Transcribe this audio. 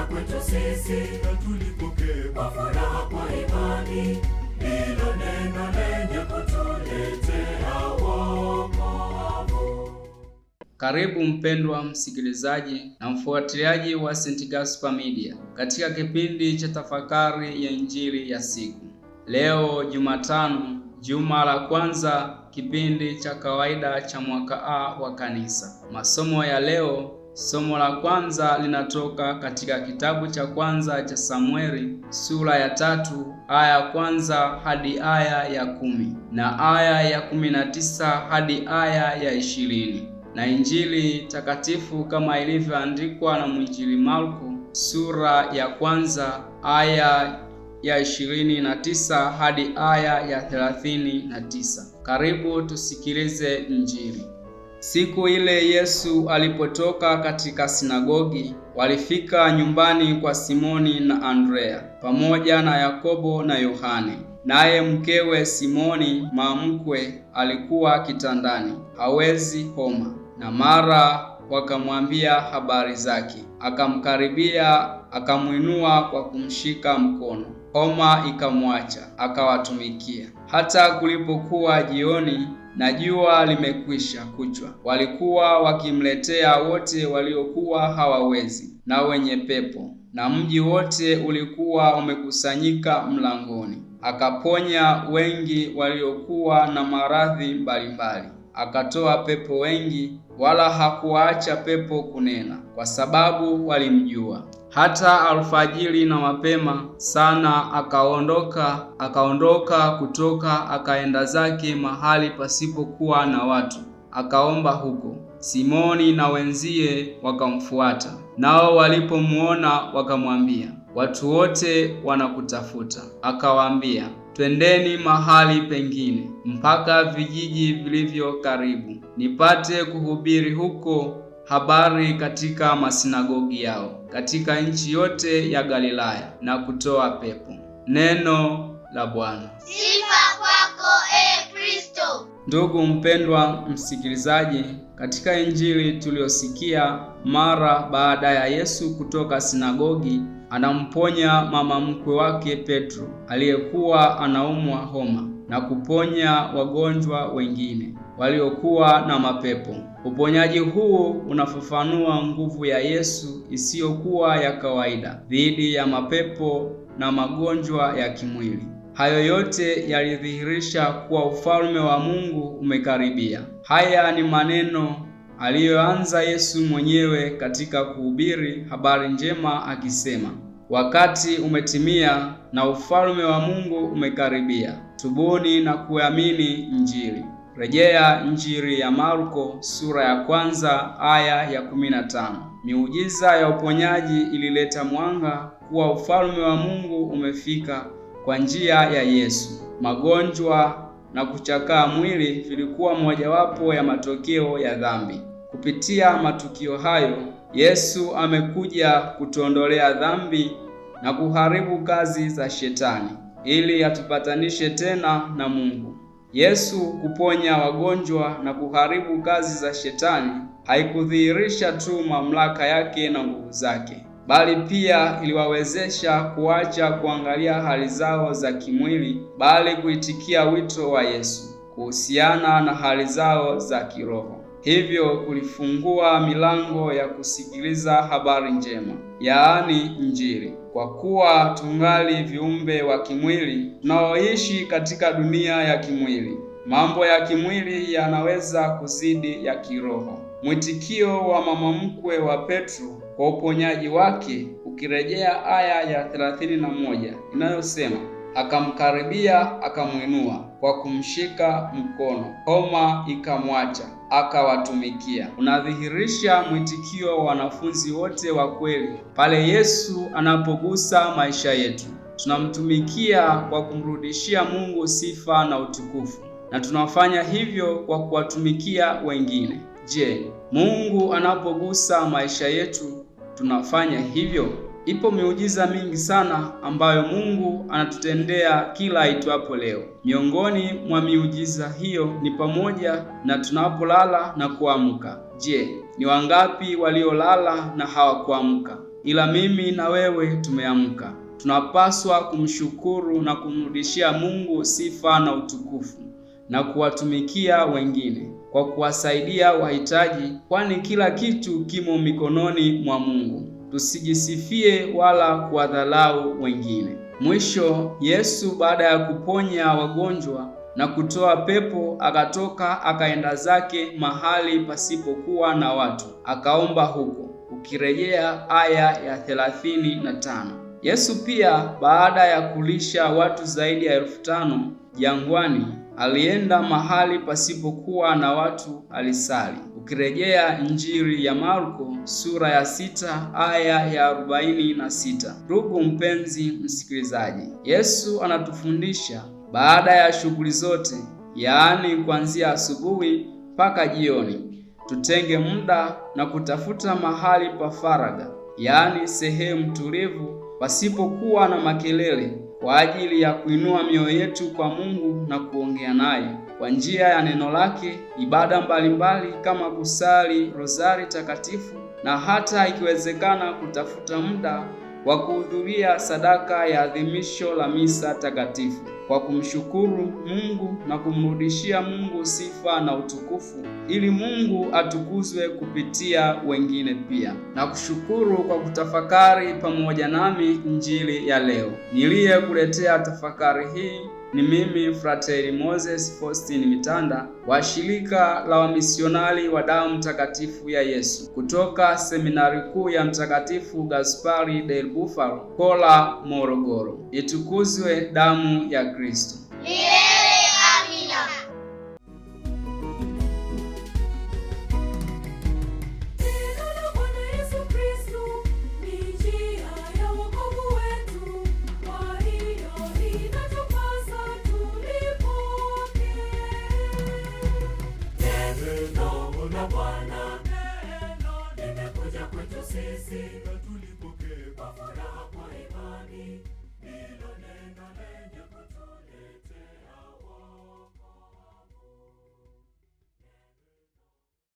kuja kwetu sisi, na tulipokee kwa furaha kwa imani. Hilo neno lenye kutuletea wokovu. Karibu mpendwa msikilizaji na mfuatiliaji wa St. Gaspar Media katika kipindi cha tafakari ya Injili ya siku leo, Jumatano, juma la kwanza, kipindi cha kawaida cha mwaka A wa Kanisa. Masomo ya leo Somo la kwanza linatoka katika kitabu cha kwanza cha Samueli sura ya tatu aya ya kwanza hadi aya ya kumi na aya ya kumi na tisa hadi aya ya ishirini na Injili takatifu kama ilivyoandikwa na mwinjili Marko sura ya kwanza aya ya ishirini na tisa hadi aya ya thelathini na tisa. Karibu tusikilize Injili. Siku ile Yesu alipotoka katika sinagogi, walifika nyumbani kwa Simoni na Andrea pamoja na Yakobo na Yohane. Naye mkewe Simoni mamkwe alikuwa kitandani, hawezi homa, na mara wakamwambia habari zake. Akamkaribia, akamwinua kwa kumshika mkono, homa ikamwacha, akawatumikia. Hata kulipokuwa jioni na jua limekwisha kuchwa. Walikuwa wakimletea wote waliokuwa hawawezi na wenye pepo, na mji wote ulikuwa umekusanyika mlangoni. Akaponya wengi waliokuwa na maradhi mbalimbali, akatoa pepo wengi wala hakuwaacha pepo kunena, kwa sababu walimjua. Hata alfajiri na mapema sana akaondoka, akaondoka kutoka, akaenda zake mahali pasipokuwa na watu, akaomba huko. Simoni na wenzie wakamfuata, nao walipomuona wakamwambia, watu wote wanakutafuta. Akawaambia, twendeni mahali pengine mpaka vijiji vilivyo karibu, nipate kuhubiri huko habari katika masinagogi yao katika nchi yote ya Galilaya na kutoa pepo. Neno la Bwana. Sifa kwako e Kristo. Ndugu mpendwa msikilizaji, katika injili tuliyosikia mara baada ya Yesu kutoka sinagogi anamponya mama mkwe wake Petro aliyekuwa anaumwa homa na kuponya wagonjwa wengine waliokuwa na mapepo. Uponyaji huu unafafanua nguvu ya Yesu isiyokuwa ya kawaida dhidi ya mapepo na magonjwa ya kimwili. Hayo yote yalidhihirisha kuwa ufalme wa Mungu umekaribia. Haya ni maneno aliyoanza Yesu mwenyewe katika kuhubiri habari njema akisema, wakati umetimia na ufalme wa Mungu umekaribia, tubuni na kuamini Injili. Rejea Injili ya Marko sura ya kwanza aya ya 15. Miujiza ya uponyaji ilileta mwanga kuwa ufalme wa Mungu umefika kwa njia ya Yesu. Magonjwa na kuchakaa mwili vilikuwa mojawapo ya matokeo ya dhambi. Kupitia matukio hayo, Yesu amekuja kutuondolea dhambi na kuharibu kazi za Shetani ili atupatanishe tena na Mungu. Yesu kuponya wagonjwa na kuharibu kazi za Shetani haikudhihirisha tu mamlaka yake na nguvu zake, bali pia iliwawezesha kuacha kuangalia hali zao za kimwili, bali kuitikia wito wa Yesu kuhusiana na hali zao za kiroho hivyo kulifungua milango ya kusikiliza habari njema, yaani Injili. Kwa kuwa tungali viumbe wa kimwili tunaoishi katika dunia ya kimwili, mambo ya kimwili yanaweza kuzidi ya kiroho. Mwitikio wa mama mkwe wa Petro kwa uponyaji wake ukirejea aya ya 31 inayosema akamkaribia, akamwinua kwa kumshika mkono, homa ikamwacha akawatumikia unadhihirisha mwitikio wa wanafunzi wote wa kweli pale Yesu anapogusa maisha yetu. Tunamtumikia kwa kumrudishia Mungu sifa na utukufu, na tunafanya hivyo kwa kuwatumikia wengine. Je, Mungu anapogusa maisha yetu tunafanya hivyo? Ipo miujiza mingi sana ambayo Mungu anatutendea kila itwapo leo. Miongoni mwa miujiza hiyo ni pamoja na tunapolala na kuamka. Je, ni wangapi waliolala na hawakuamka? Ila mimi na wewe tumeamka. Tunapaswa kumshukuru na kumrudishia Mungu sifa na utukufu na kuwatumikia wengine kwa kuwasaidia wahitaji, kwani kila kitu kimo mikononi mwa Mungu tusijisifie wala kuwadhalau wengine. Mwisho, Yesu baada ya kuponya wagonjwa na kutoa pepo, akatoka akaenda zake mahali pasipokuwa na watu, akaomba huko, ukirejea aya ya thelathini na tano. Yesu pia baada ya kulisha watu zaidi ya elfu tano jangwani, alienda mahali pasipokuwa na watu, alisali ukirejea Injili ya Marko sura ya sita aya ya arobaini na sita. Ndugu mpenzi msikilizaji, Yesu anatufundisha baada ya shughuli zote, yaani kuanzia asubuhi mpaka jioni, tutenge muda na kutafuta mahali pa faragha, yaani sehemu tulivu, pasipokuwa na makelele, kwa ajili ya kuinua mioyo yetu kwa Mungu na kuongea naye kwa njia ya neno lake, ibada mbalimbali mbali, kama kusali rosari takatifu na hata ikiwezekana kutafuta muda wa kuhudhuria sadaka ya adhimisho la misa takatifu kwa kumshukuru Mungu na kumrudishia Mungu sifa na utukufu, ili Mungu atukuzwe kupitia wengine pia, na kushukuru kwa kutafakari pamoja nami Injili ya leo. Niliyekuletea tafakari hii ni mimi Frateri Moses Faustin Mitanda wa shirika la wamisionari wa damu mtakatifu ya Yesu kutoka seminari kuu ya Mtakatifu Gaspari del Bufalo, Kola, Morogoro. Itukuzwe damu ya Kristo!